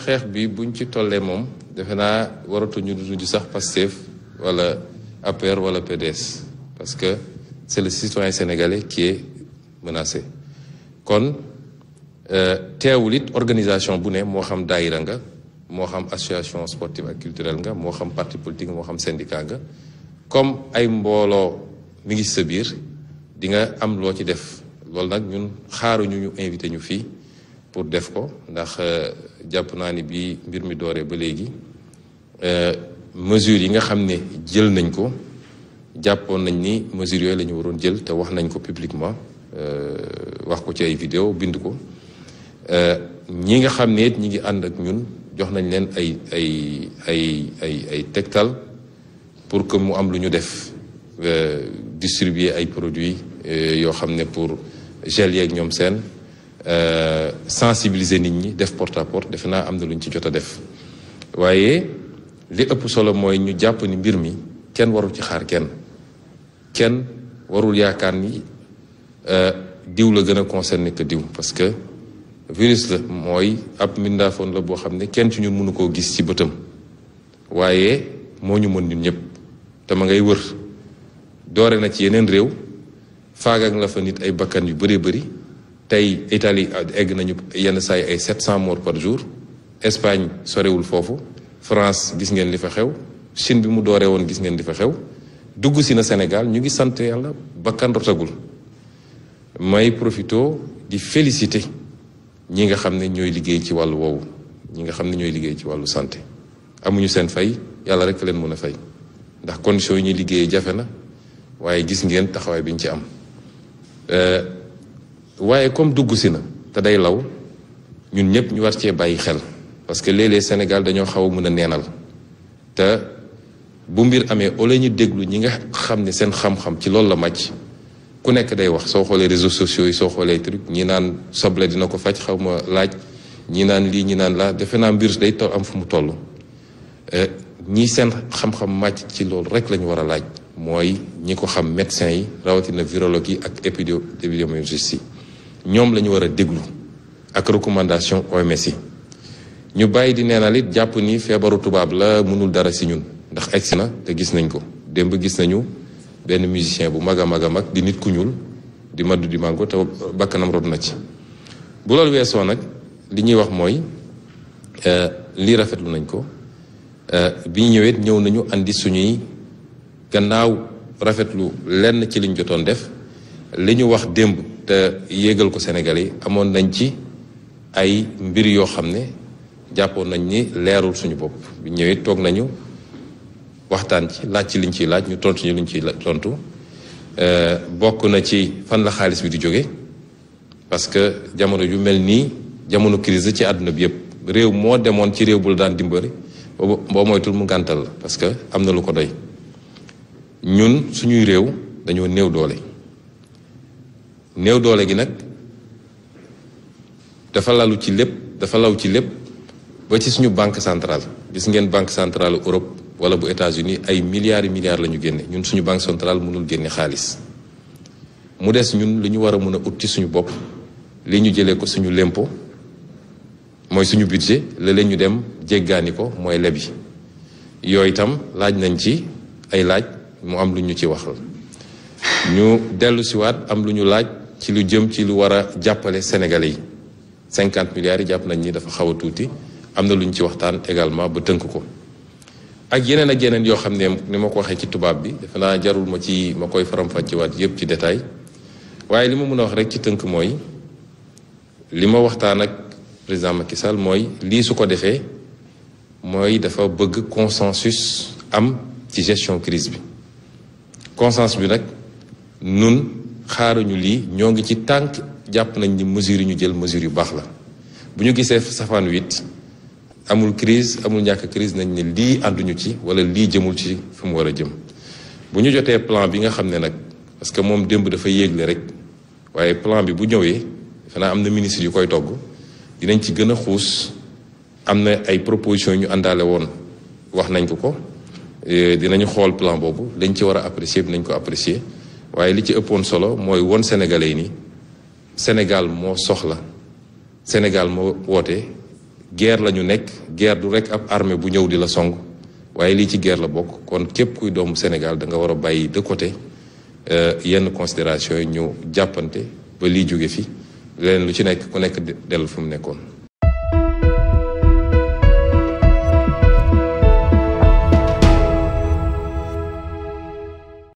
xeex bi buñ ci tollee moom defe naa ñu tudd sax Pastef wala APR wala PDS parce que c'est le citoyen sénégalais qui est menacé kon euh, teewul it organisation bu ne moo xam daayira nga moo xam association sportive ak culturelle nga moo xam parti politique moo xam syndicat nga comme ay mbooloo mi ngi sa biir di nga am loo ci def loolu nag ñun xaaruñu ñu invité ñu fii pour def ko ndax euh, jàpp naa ni bii mbir mi dooree ba léegi euh, mesures yi nga xam ne jël nañ ko jàppoon nañ ni mesures yooyu la waroon jël te wax nañ ko publiquement euh, wax ko ci ay vidéo bind ko euh, ñi nga xam ne it ñi ngi ànd ak ñun jox nañ leen ay ay ay ay ay tegtal pour que mu am lu ñu def distribuer ay produits yoo xam ne pour gel yeeg ñoom seen Euh, sensibiliser nit ñi def port à porte defe naa am na lu ñu ci jot a def waaye li ëpp solo mooy ñu jàpp ni mbir mi kenn warul ci xaar kenn kenn warul yaakaar ni euh, diw la gën a concerné que diw parce que virus la mooy ab mbindaafoon la boo xam ne kenn ci ñun mënu koo gis ci bëtam waaye moo ñu mën ñun ñëpp te ma ngay wër doore na ci yeneen réew faagaak la fa nit ay bakkan yu bëree bari tay Italie ah, egg nañu yenn saa ay 700 morts par jour Espagne sorewul foofu France gis ngeen li fa xew Chine bi mu dooree woon gis ngeen li fa xew dugg si na Sénégal ñu ngi sant yàlla bakkan rotagul may profito di féliciter ñi nga xam ne ñooy liggéey ci wàllu woowu ñi nga xam ne ñooy liggéey ci wàllu santé amuñu seen fay yàlla rek leen mën a fay ndax condition yi ñuy liggéeyee jafe na waaye gis ngeen taxawaay biñ ci am. Euh, waaye comme dugg si na te day law ñun ñëpp ñu war cee bàyyi xel parce que léeg Sénégal dañoo xaw a mën a neenal te bu mbir amee ole ñu déglu ñi nga xam ne seen xam-xam ci loolu la màcc ku nekk day wax soo xoolee réseaux sociaux yi soo xoolee truc ñi naan soble dina ko faj xawma laaj ñi naan lii ñi naan laa defe naa mbir day toll am fu mu toll eh, ñi seen xam-xam màcc ci loolu rek lañu ñu war a laaj mooy ñi ko xam médecins yi rawatina virologue yi ak épidémiologistes yi ñom lañu wara déglu ak recommandation OMS yi ñu bàyyi di neena lit japp ni feebaru tubab la mënul dara ci ñun ndax egsi te gis nañ ko demb gis nañu ben musicien bu maga maga mag di nit ku ñul di maddu di mango te bakkanam rod na ci bu lol nak li ñi wax euh, li rafet rafetlu nañ ko euh, bi ñu ñëw nañu andi suñuy gannaaw lu lenn ci liñ jotone def liñu wax demb te yéegal ko Sénégal yi amoon nañ ci ay mbir yoo xam ne jàppoon nañ ni leerul suñu bopp bi ñëwee toog nañu waxtaan ci laaj ci liñ ciy laaj ñu tontu ñu liñ ciy tontu euh, bokk na ci fan la xaalis bi di jóge parce que jamono ju mel nii jamono crise ci àdduna bi yëpp réew moo demoon ci réew bu la daan dimbali boo moytul mu gàntal la parce que am na lu ko doy ñun suñuy réew dañoo néew doole. néew doole gi nag dafa lalu ci lépp dafa law ci lépp ba ci suñu banque centrale gis ngeen banque centrale Europe wala bu États-Unis ay milliards yi milliards la ñu génne ñun suñu banque centrale mënul génne xaalis mu des ñun li ñu war a mën a ut ci suñu bopp li ñu jëlee ko suñu lempo mooy suñu budget la leen ñu dem jéggaani ko mooy leb yi yooyu itam laaj nañ ci ay laaj mu am lu ñu ci waxal ñu dellu siwaat am lu ñu laaj ci lu jëm ci lu war a jàppale sénégalais yi 50 milliards yi jàpp nañ ni dafa xaw a tuuti am na ci waxtaan également ba tënk ko ak yeneen ak yeneen yoo xam ne ni ma ko waxee ci tubaab bi defe naa jarul ma ci ma koy faram-fàcceewaat yépp ci détail waaye li ma mën a wax rek ci tënk mooy li ma waxtaan ak président Macky Sall mooy lii su ko defee mooy dafa bëgg consensus am ci gestion crise bi consensus bi nag nun xaaruñu lii ñoo ngi ci tànk jàpp nañ ni mesures yi ñu jël mesures yu baax la bu ñu gisee safaan wit amul crise amul ñàkk crise nañ ne lii àdduñu ci wala lii jëmul ci fi war a jëm bu ñu jotee plan bi nga xam ne nag parce que moom démb dafa yéeg le rek waaye plan bi bu ñëwee xanaa am na ministre yu koy togg dinañ ci gën a xuus am na ay propositions yu ñu àndaale woon wax nañ ko ko eh, dinañu xool plan boobu lañ ci war a apprécier bi nañ ko apprécier waaye li ci ëppoon solo mooy won sénégalais yi ni Sénégal moo soxla Sénégal moo woote guerre la ñu nekk guerre du rek ab armée bu ñëw di la song waaye lii ci guerre la bokk kon képp kuy doomu Sénégal da nga war a bàyyi de côté euh, yenn considération yi ñu jàppante ba lii jóge fi leneen lu ci nekk ku nekk dellu fu mu nekkoon